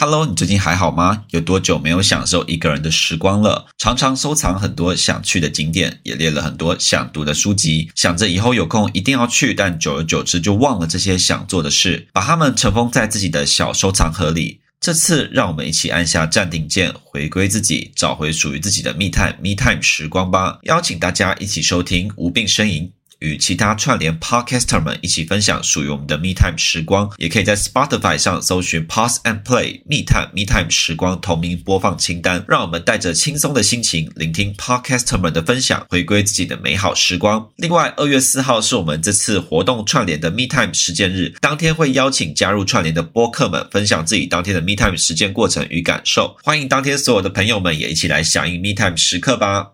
哈嘍，你最近還好嗎？有多久沒有享受一個人的時光了？常常收藏很多想去的景點，也列了很多想讀的書籍，想着以後有空一定要去，但久而久之就忘了這些想做的事，把它們塵封在自己的小收藏盒裡。這次讓我們一起按下暫停鍵，回歸自己，找回屬於自己的謐探 Me Time 時光吧。邀請大家一起收聽《無病聲吟》。與其他串聯 Podcaster 們一起分享屬於我們的 Me Time 時光，也可以在 Spotify 上搜尋 Pause and Play me time, me time Me Time 時光同名播放清單，讓我們帶着輕鬆的心情聆聽 Podcaster 們的分享，回歸自己的美好時光。另外，二月四號是我們這次活動串聯的 Me Time 實踐日，當天會邀請加入串聯的播客們分享自己當天的 Me Time 實踐過程與感受，歡迎當天所有的朋友們也一起來響應 Me Time 時刻吧。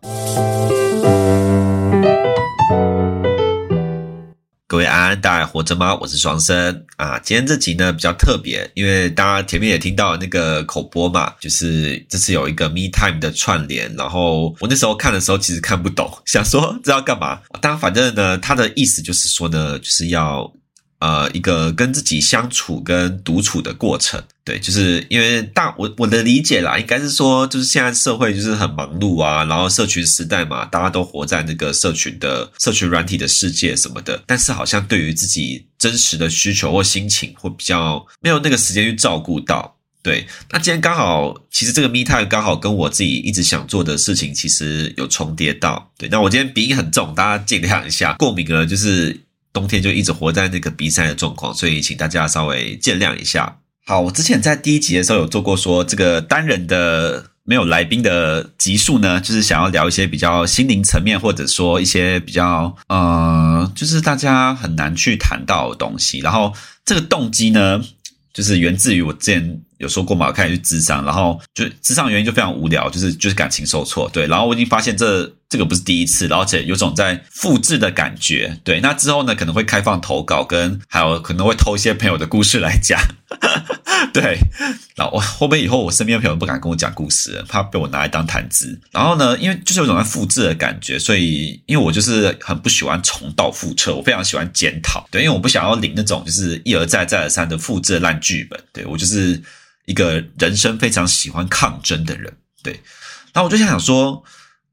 各位安安，大家還活着嗎？我是雙生啊，今天這集呢比較特別，因為大家前面也聽到那個口播嘛，就是這次有一個 Me Time 的串聯，然後我那時候看的時候其實看不懂，想說這要幹嘛，但反正呢，他的意思就是說呢，就是要。呃，一個跟自己相處、跟獨處的過程，對，就是因為大我我的理解啦，應該是說，就是現在社會就是很忙碌啊，然後社群時代嘛，大家都活在那個社群的社群軟體的世界什麼的，但是好像對於自己真實的需求或心情，會比較沒有那個時間去照顧到，對。那今天剛好，其實這個 Me Time 剛好跟我自己一直想做的事情，其實有重疊到，對。那我今天鼻音很重，大家見諒一下，過敏了就是。冬天就一直活在那個鼻塞的狀況，所以請大家稍微見諒一下。好，我之前在第一集的時候有做過說，說這個單人的沒有來賓的集數呢，就是想要聊一些比較心靈層面，或者說一些比較呃，就是大家很難去談到的東西。然後這個動機呢，就是源自於我之前有說過嘛，我開始去諮商，然後就諮商原因就非常無聊，就是就是感情受挫，對。然後我已經發現這。這個不是第一次，而且有種在複製的感覺。對，那之後呢，可能會開放投稿跟、跟還有可能會偷一些朋友的故事來講呵呵。對，然後後面以後我身邊的朋友不敢跟我講故事了，怕被我拿來當談資。然後呢，因為就是有種在複製的感覺，所以因為我就是很不喜歡重蹈覆轍，我非常喜歡檢討。對，因為我不想要領那種就是一而再、再而三的複製的爛劇本。對，我就是一個人生非常喜歡抗爭的人。對，那我就想想說，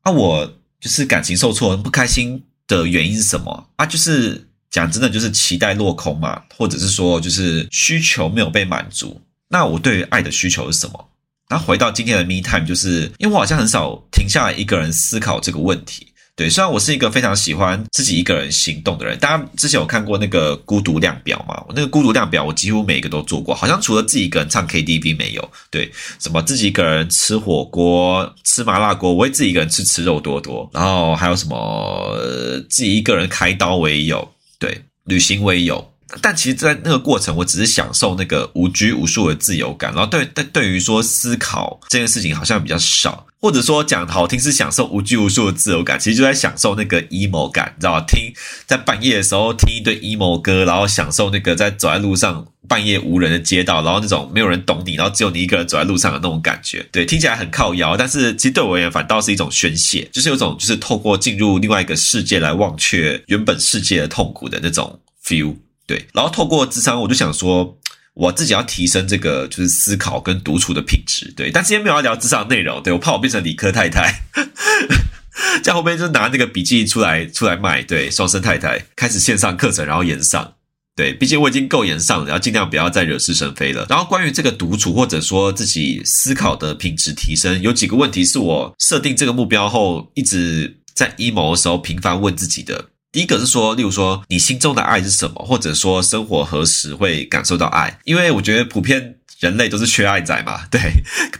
那、啊、我。就是感情受挫，不開心的原因是什麼？啊，就是講真的，就是期待落空嘛，或者是說就是需求沒有被滿足。那我對愛的需求是什麼？然後回到今天的 Me Time，就是因為我好像很少停下來一個人思考這個問題。對，雖然我是一個非常喜歡自己一個人行動的人，大家之前有看過那個孤獨量表嘛？那個孤獨量表我幾乎每一個都做過，好像除了自己一個人唱 KTV 沒有。對，什麼自己一個人吃火鍋、吃麻辣鍋，我也自己一個人吃吃肉多多。然後還有什麼，呃，自己一個人開刀我也有，對，旅行我也有。但其實，在那個過程，我只是享受那個無拘無束的自由感。然後，對，但對於說思考這件事情，好像比較少，或者說講好聽是享受無拘無束的自由感，其實就在享受那個 emo 感，你知道吧？聽在半夜的時候聽一堆 emo 歌，然後享受那個在走在路上半夜無人的街道，然後那種沒有人懂你，然後只有你一個人走在路上的那種感覺。對，聽起來很靠腰，但是其實對我而言，反倒是一種宣泄，就是有種就是透過進入另外一個世界來忘卻原本世界的痛苦的那種 feel。對，然後透過諮商，我就想說，我自己要提升這個就是思考跟獨處的品質。對，但今天沒有要聊諮商的內容，對，我怕我變成理科太太，呵 在後面就拿那個筆記出來出來賣。對，雙生太太開始線上課程，然後炎上。對，畢竟我已經夠炎上了，然後盡量不要再惹是生非了。然後關於這個獨處或者說自己思考的品質提升，有幾個問題是我設定這個目標後一直在 emo 的時候頻繁問自己的。第一個是說，例如說，你心中的愛是什麼，或者說生活何時會感受到愛？因為我覺得普遍人類都是缺愛仔嘛，對，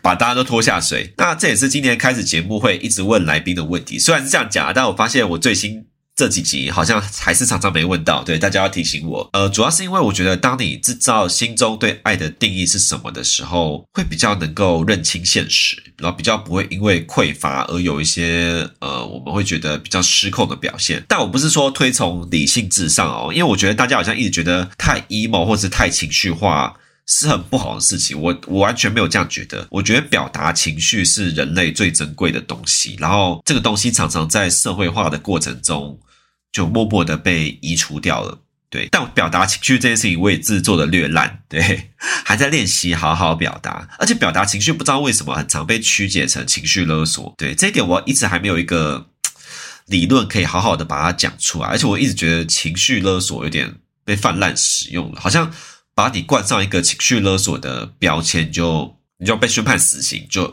把大家都拖下水。那這也是今年開始節目會一直問來賓的問題。雖然是這樣講啊，但我發現我最新。這幾集好像還是常常沒問到，對，大家要提醒我。呃，主要是因為我覺得，當你知道心中對愛的定義是什麼的時候，會比較能夠認清現實，然後比較不會因為匱乏而有一些呃，我們會覺得比較失控的表現。但我不是說推崇理性至上哦，因為我覺得大家好像一直覺得太 emo 或是太情緒化。是很不好的事情，我我完全沒有這樣覺得。我覺得表達情緒是人類最珍貴的東西，然後這個東西常常在社會化的過程中就默默的被移除掉了。對，但我表達情緒這件事情，我也自作的略爛，對，還在練習好好表達。而且表達情緒不知道為什麼，很常被曲解成情緒勒索。對，這一點我一直還沒有一個理論可以好好的把它講出來。而且我一直覺得情緒勒索有點被泛濫使用了，好像。把你冠上一個情緒勒索的標籤就，就你就被宣判死刑，就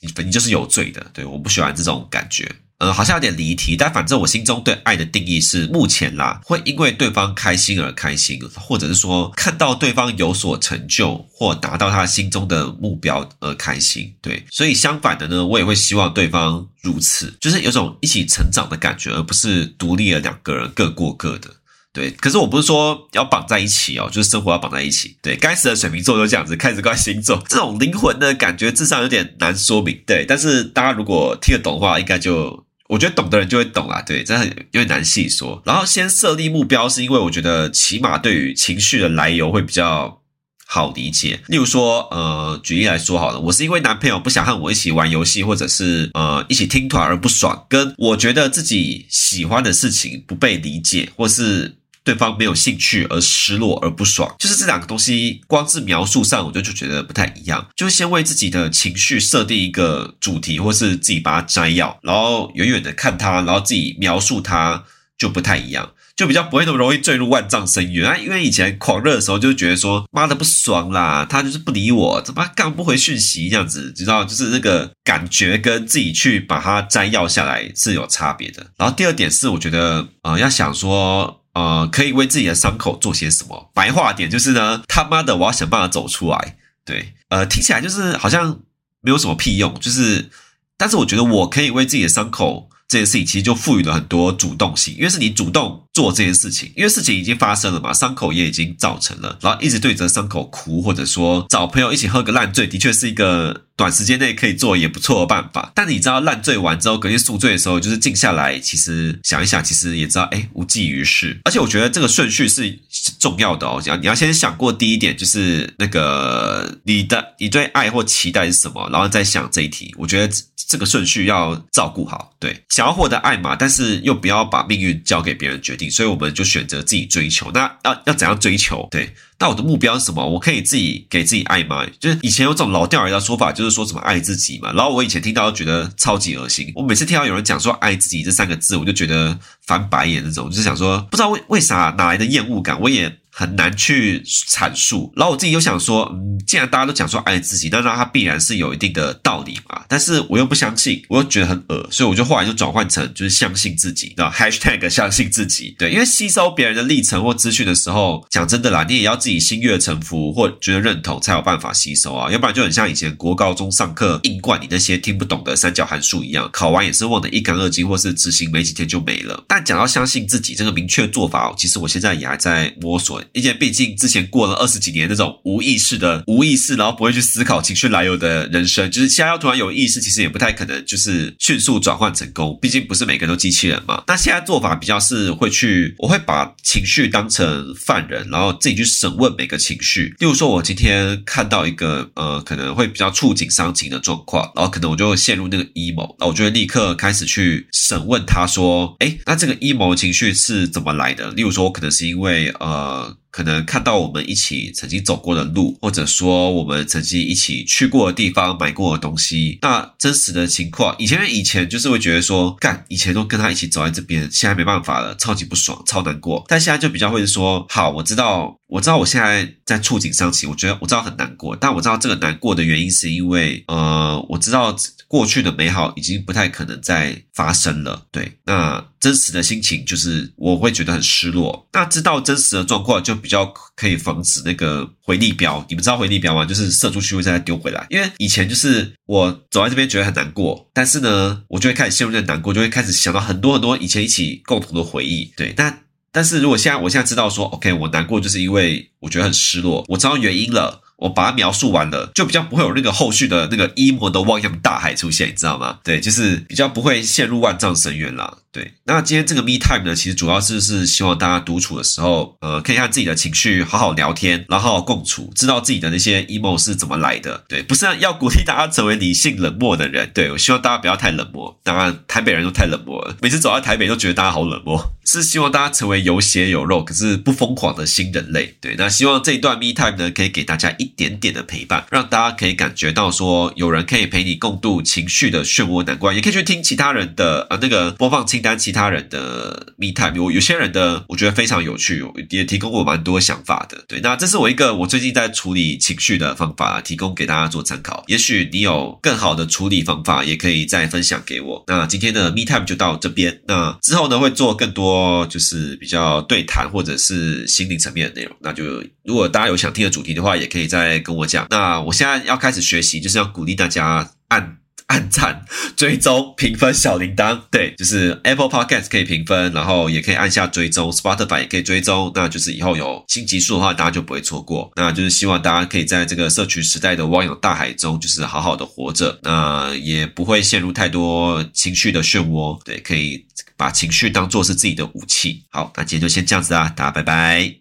你你就是有罪的。對，我不喜歡這種感覺，呃，好像有點離題，但反正我心中對愛的定義是，目前啦，會因為對方開心而開心，或者是說看到對方有所成就或達到他心中的目標而開心。對，所以相反的呢，我也會希望對方如此，就是有種一起成長的感覺，而不是獨立的兩個人各過各的。對，可是我不是說要綁在一起哦，就是生活要綁在一起。對，該死的水瓶座都這樣子，開始怪星座，這種靈魂的感覺，至少有點難說明。對，但是大家如果聽得懂的話，應該就我覺得懂的人就會懂啦、啊。對，真的有點難細說。然後先設立目標，是因為我覺得起碼對於情緒的來由會比較好理解。例如說，呃，舉例來說好了，我是因為男朋友不想和我一起玩遊戲，或者是呃一起聽團而不爽，跟我覺得自己喜歡的事情不被理解，或是對方沒有興趣而失落而不爽，就是這兩個東西光是描述上我就就覺得不太一樣。就是先為自己的情緒設定一個主題，或是自己把它摘要，然後遠遠的看它，然後自己描述它，就不太一樣，就比較不會那麼容易墜入萬丈深淵啊。因為以前狂熱的時候就覺得說，媽的不爽啦，他就是不理我，怎麼幹不回訊息這樣子，你知道？就是那個感覺跟自己去把它摘要下來是有差別的。然後第二點是，我覺得呃，要想說。呃，可以為自己的傷口做些什麼？白話點就是呢，他媽的，我要想辦法走出來。對，呃，聽起來就是好像沒有什麼屁用，就是，但是我覺得我可以為自己的傷口這件事情，其實就賦予了很多主動性，因為是你主動。做這件事情，因為事情已經發生了嘛，傷口也已經造成了，然後一直對着傷口哭，或者說找朋友一起喝個爛醉，的確是一個短時間內可以做也不錯的辦法。但你知道，爛醉完之後，隔天宿醉的時候，就是靜下來，其實想一想，其實也知道，哎，無濟於事。而且我覺得這個順序是重要的哦，你要你要先想過第一點，就是那個你的你對愛或期待是什麼，然後再想這一題。我覺得這個順序要照顧好。對，想要獲得愛嘛，但是又不要把命運交給別人決定。所以我們就選擇自己追求，那要要怎樣追求？對，那我的目標是什麼？我可以自己給自己愛嗎？就是以前有這種老掉牙的說法，就是說什麼愛自己嘛。然後我以前聽到都覺得超級噁心，我每次聽到有人講說愛自己這三個字，我就覺得翻白眼那種，就是想說不知道為為啥哪來的厭惡感，我也。很難去闡述，然後我自己又想說，嗯，既然大家都講說愛自己，那那它必然是有一定的道理嘛。但是我又不相信，我又覺得很惡，所以我就後來就轉換成就是相信自己，你知道？#hashtag 相信自己，對，因為吸收別人的歷程或資訊的時候，講真的啦，你也要自己心悅誠服或覺得認同才有辦法吸收啊，要不然就很像以前國高中上課硬灌你那些聽不懂的三角函數一樣，考完也是忘得一乾二淨，或是執行沒幾天就沒了。但講到相信自己這個明確做法，其實我現在也還在摸索。一件，因為畢竟之前過了二十幾年那種無意識的無意識，然後不會去思考情緒來由的人生，就是現在要突然有意識，其實也不太可能，就是迅速轉換成功。畢竟不是每個人都機器人嘛。那現在做法比較是會去，我會把情緒當成犯人，然後自己去審問每個情緒。例如說，我今天看到一個呃，可能會比較觸景傷情的狀況，然後可能我就會陷入那個 emo，然後我就會立刻開始去審問他說：“哎，那這個 emo 情緒是怎麼來的？”例如說，我可能是因為呃。可能看到我們一起曾經走過的路，或者說我們曾經一起去過的地方、買過的東西，那真實的情況，以前以前就是會覺得說，幹，以前都跟他一起走在這邊，現在沒辦法了，超級不爽，超難過。但現在就比較會說，好，我知道，我知道我現在在觸景傷情，我覺得我知道很難過，但我知道這個難過的原因是因為，呃，我知道。過去的美好已經不太可能再發生了。對，那真實的心情就是我會覺得很失落。那知道真實的狀況就比較可以防止那個回力鏢，你們知道回力鏢嗎？就是射出去會再丟回來。因為以前就是我走在這邊覺得很難過，但是呢，我就會開始陷入在難過，就會開始想到很多很多以前一起共同的回憶。對，那但是如果現在我現在知道說，OK，我難過就是因為我覺得很失落，我知道原因了。我把它描述完了，就比較不會有那個後續的那個 emo 的汪洋大海出現，你知道嗎？對，就是比較不會陷入萬丈深淵了。對，那今天這個 Me Time 呢，其實主要是是希望大家獨處的時候，呃，可以和自己的情緒好好聊天，然後好好共處，知道自己的那些 emo 是怎麼來的。對，不是要鼓勵大家成為理性冷漠的人。對，我希望大家不要太冷漠，當然台北人都太冷漠了，每次走到台北都覺得大家好冷漠。是希望大家成為有血有肉，可是不瘋狂的新人類。對，那希望這一段 Me Time 呢，可以給大家一點點的陪伴，讓大家可以感覺到說，有人可以陪你共度情緒的漩渦難關，也可以去聽其他人的呃、啊、那個播放清。但其他人的 Me Time 有，有些人的我覺得非常有趣，也提供我蠻多想法的。對，那這是我一個我最近在處理情緒的方法，提供給大家做參考。也許你有更好的處理方法，也可以再分享給我。那今天的 Me Time 就到這邊。那之後呢，會做更多就是比較對談或者是心靈層面的內容。那就如果大家有想聽的主題的話，也可以再跟我講。那我現在要開始學習，就是要鼓勵大家按。按讚、追蹤、評分、小鈴鐺，對，就是 Apple Podcast 可以評分，然後也可以按下追蹤，Spotify 也可以追蹤，那就是以後有新集數的話，大家就不會錯過。那就是希望大家可以在這個社群時代的汪洋大海中，就是好好的活着，那也不會陷入太多情緒的漩渦。對，可以把情緒當做是自己的武器。好，那今天就先這樣子啦，大家拜拜。